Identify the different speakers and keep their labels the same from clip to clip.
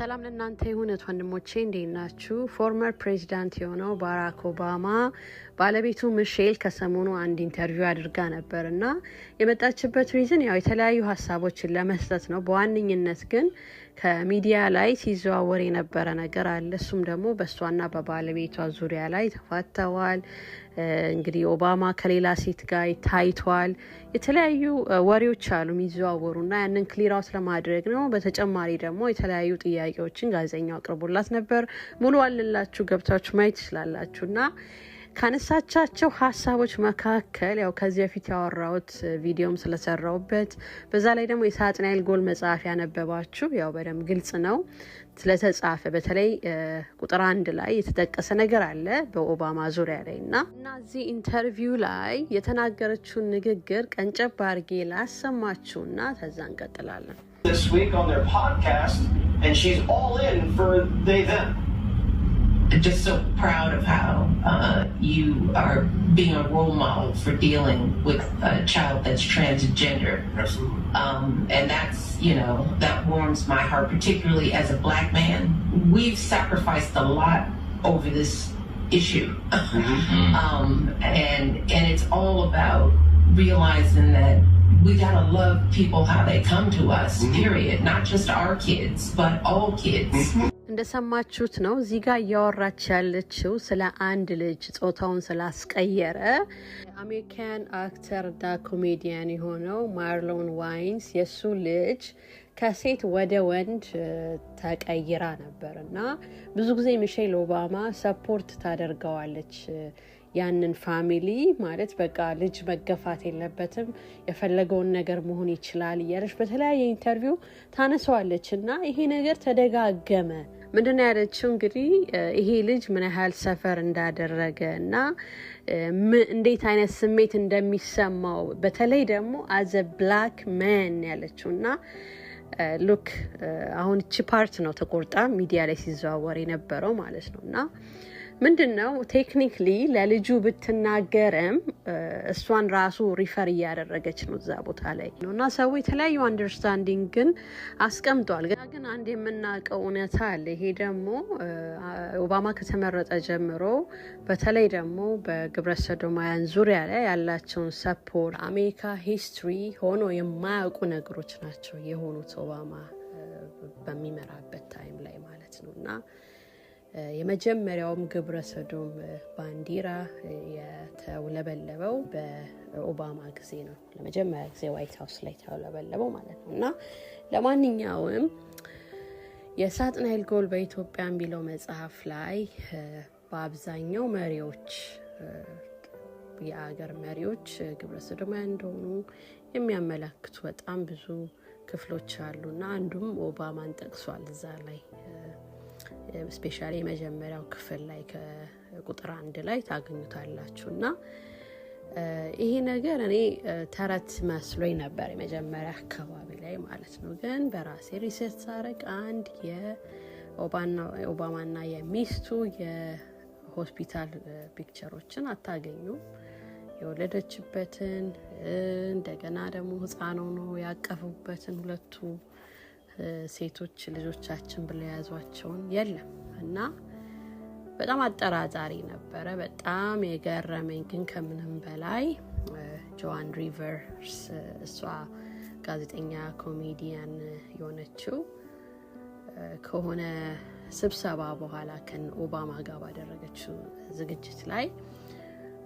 Speaker 1: ሰላም ለእናንተ ይሁን ወንድሞቼ፣ እንዴት ናችሁ? ፎርመር ፕሬዚዳንት የሆነው ባራክ ኦባማ ባለቤቱ ምሼል ከሰሞኑ አንድ ኢንተርቪው አድርጋ ነበር እና የመጣችበት ሪዝን ያው የተለያዩ ሀሳቦችን ለመስጠት ነው። በዋነኝነት ግን ከሚዲያ ላይ ሲዘዋወር የነበረ ነገር አለ። እሱም ደግሞ በእሷና በባለቤቷ ዙሪያ ላይ ተፋተዋል። እንግዲህ ኦባማ ከሌላ ሴት ጋር ታይቷል። የተለያዩ ወሬዎች አሉ የሚዘዋወሩና ያንን ክሊር አውት ለማድረግ ነው። በተጨማሪ ደግሞ የተለያዩ ጥያቄዎችን ጋዜጠኛው አቅርቦላት ነበር። ሙሉ አለላችሁ ገብታችሁ ማየት ትችላላችሁ እና ካነሳቻቸው ሀሳቦች መካከል ያው ከዚህ በፊት ያወራሁት ቪዲዮም ስለሰራውበት በዛ ላይ ደግሞ የሳጥናኤል ጎል መጽሐፍ ያነበባችሁ ያው በደንብ ግልጽ ነው ስለተጻፈ በተለይ ቁጥር አንድ ላይ የተጠቀሰ ነገር አለ በኦባማ ዙሪያ ላይ እና እና እዚህ ኢንተርቪው ላይ የተናገረችውን ንግግር ቀንጨብ አድርጌ ላሰማችሁና ተዛ እንቀጥላለን።
Speaker 2: just so proud of how uh, you are being a role model for dealing with a child that's transgender.
Speaker 3: Absolutely. Um,
Speaker 2: and that's, you know, that warms my heart, particularly as a black man. We've sacrificed a lot over this issue. Mm-hmm. um, and, and it's all about realizing that we gotta love people how they come to us, mm-hmm. period. Not just our kids, but all kids. Mm-hmm.
Speaker 1: እንደሰማችሁት ነው። እዚህ ጋር እያወራች ያለችው ስለ አንድ ልጅ ጾታውን ስላስቀየረ አሜሪካን አክተር ዳ ኮሜዲያን የሆነው ማርሎን ዋይንስ የእሱ ልጅ ከሴት ወደ ወንድ ተቀይራ ነበር እና ብዙ ጊዜ ሚሼል ኦባማ ሰፖርት ታደርገዋለች ያንን ፋሚሊ ማለት በቃ ልጅ መገፋት የለበትም የፈለገውን ነገር መሆን ይችላል እያለች በተለያየ ኢንተርቪው ታነሰዋለች እና ይሄ ነገር ተደጋገመ። ምንድነው ያለችው? እንግዲህ ይሄ ልጅ ምን ያህል ሰፈር እንዳደረገ እና እንዴት አይነት ስሜት እንደሚሰማው በተለይ ደግሞ አዘ ብላክ መን ያለችው እና ሉክ አሁን እቺ ፓርት ነው ተቆርጣ ሚዲያ ላይ ሲዘዋወር የነበረው ማለት ነው እና ምንድን ነው ቴክኒክሊ ለልጁ ብትናገርም እሷን ራሱ ሪፈር እያደረገች ነው እዛ ቦታ ላይ እና ሰው የተለያዩ አንደርስታንዲንግ ግን አስቀምጧል። ግን አንድ የምናውቀው እውነታ አለ። ይሄ ደግሞ ኦባማ ከተመረጠ ጀምሮ በተለይ ደግሞ በግብረ ሰዶማውያን ዙሪያ ላይ ያላቸውን ሰፖርት አሜሪካ ሂስትሪ ሆኖ የማያውቁ ነገሮች ናቸው የሆኑት ኦባማ በሚመራበት ታይም ላይ ማለት ነው እና የመጀመሪያውም ግብረ ሰዶም ባንዲራ የተውለበለበው በኦባማ ጊዜ ነው። ለመጀመሪያ ጊዜ ዋይት ሀውስ ላይ ተውለበለበው ማለት ነው እና ለማንኛውም የሳጥናኤል ጎል በኢትዮጵያ የሚለው መጽሐፍ ላይ በአብዛኛው መሪዎች የአገር መሪዎች ግብረ ሰዶማውያን እንደሆኑ የሚያመላክቱ በጣም ብዙ ክፍሎች አሉና አንዱም ኦባማን ጠቅሷል እዛ ላይ ስፔሻሊ የመጀመሪያው ክፍል ላይ ከቁጥር አንድ ላይ ታገኙታላችሁ እና ይሄ ነገር እኔ ተረት መስሎኝ ነበር የመጀመሪያ አካባቢ ላይ ማለት ነው። ግን በራሴ ሪሰርች ሳረቅ አንድ የኦባማና የሚስቱ የሆስፒታል ፒክቸሮችን አታገኙም። የወለደችበትን እንደገና ደግሞ ህፃን ሆኖ ያቀፉበትን ሁለቱ ሴቶች ልጆቻችን ብለው የያዟቸውን የለም እና በጣም አጠራጣሪ ነበረ። በጣም የገረመኝ ግን ከምንም በላይ ጆዋን ሪቨርስ እሷ ጋዜጠኛ ኮሜዲያን የሆነችው ከሆነ ስብሰባ በኋላ ከን ኦባማ ጋር ባደረገችው ዝግጅት ላይ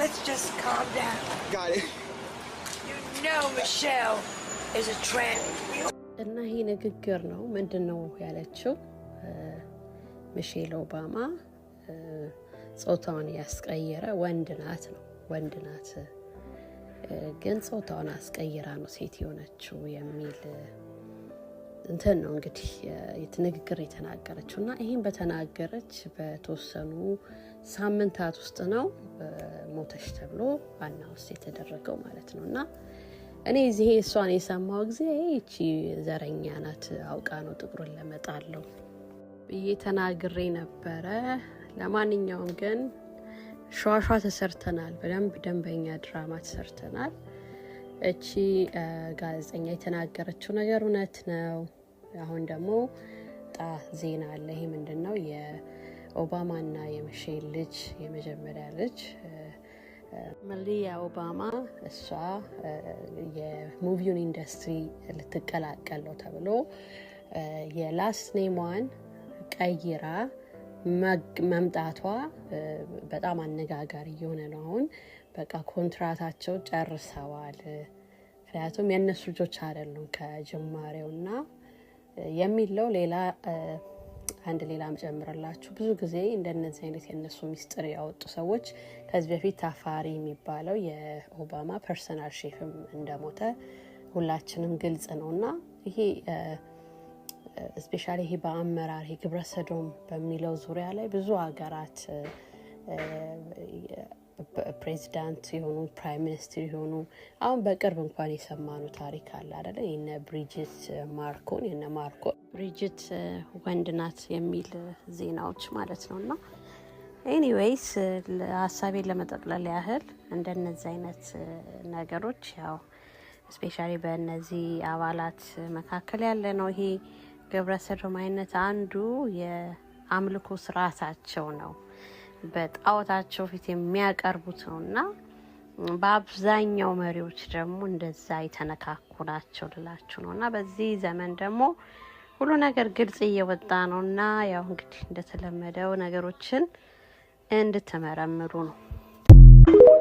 Speaker 4: Let's just calm down. Got it. You know Michelle is a tramp.
Speaker 1: እና ይሄ ንግግር ነው። ምንድን ነው ያለችው? ሚሼል ኦባማ ጾታውን ያስቀየረ ወንድ ናት ነው ወንድ ናት፣ ግን ጾታውን አስቀይራ ነው ሴት የሆነችው የሚል እንትን ነው እንግዲህ ንግግር የተናገረችው እና ይህን በተናገረች በተወሰኑ ሳምንታት ውስጥ ነው ሞተሽ ተብሎ ዋና ውስጥ የተደረገው ማለት ነው እና እኔ እዚህ እሷን የሰማው ጊዜ ይቺ ዘረኛ ናት፣ አውቃ ነው ጥቁርን ለመጣለው ብዬ ተናግሬ ነበረ። ለማንኛውም ግን ሸዋሸዋ ተሰርተናል፣ በደንብ ደንበኛ ድራማ ተሰርተናል። እቺ ጋዜጠኛ የተናገረችው ነገር እውነት ነው። አሁን ደግሞ ጣ ዜና አለ። ይሄ ምንድን ነው? የኦባማና የመሼል ልጅ የመጀመሪያ ልጅ መሊያ ኦባማ እሷ የሙቪውን ኢንዱስትሪ ልትቀላቀለው ተብሎ የላስት ኔሟን ቀይራ መምጣቷ በጣም አነጋጋሪ እየሆነ ነው አሁን በቃ ኮንትራታቸው ጨርሰዋል። ምክንያቱም የእነሱ ልጆች አይደሉም ከጅማሬው እና የሚለው ሌላ አንድ ሌላ ጨምርላችሁ ብዙ ጊዜ እንደነዚህ አይነት የእነሱ ሚስጥር ያወጡ ሰዎች ከዚህ በፊት ታፋሪ የሚባለው የኦባማ ፐርሰናል ሼፍም እንደሞተ ሁላችንም ግልጽ ነው እና ይሄ ስፔሻሊ ይሄ በአመራር ይሄ ግብረሰዶም በሚለው ዙሪያ ላይ ብዙ ሀገራት ፕሬዚዳንት የሆኑ ፕራይም ሚኒስትር የሆኑ አሁን በቅርብ እንኳን የሰማኑ ታሪክ አለ አደለ? የነ ብሪጅት ማርኮን የነ ማርኮ ብሪጅት ወንድ ናት የሚል ዜናዎች ማለት ነው። እና ኤኒዌይስ ሀሳቤን ለመጠቅለል ያህል እንደነዚህ አይነት ነገሮች ያው ስፔሻሊ በእነዚህ አባላት መካከል ያለ ነው ይሄ ግብረ ሰዶማዊነት አንዱ የአምልኮ ስርዓታቸው ነው። በጣዖታቸው ፊት የሚያቀርቡት ነው እና በአብዛኛው መሪዎች ደግሞ እንደዛ የተነካኩ ናቸው ልላችሁ ነው እና በዚህ ዘመን ደግሞ ሁሉ ነገር ግልጽ እየወጣ ነው እና ያው እንግዲህ እንደተለመደው ነገሮችን እንድትመረምሩ ነው።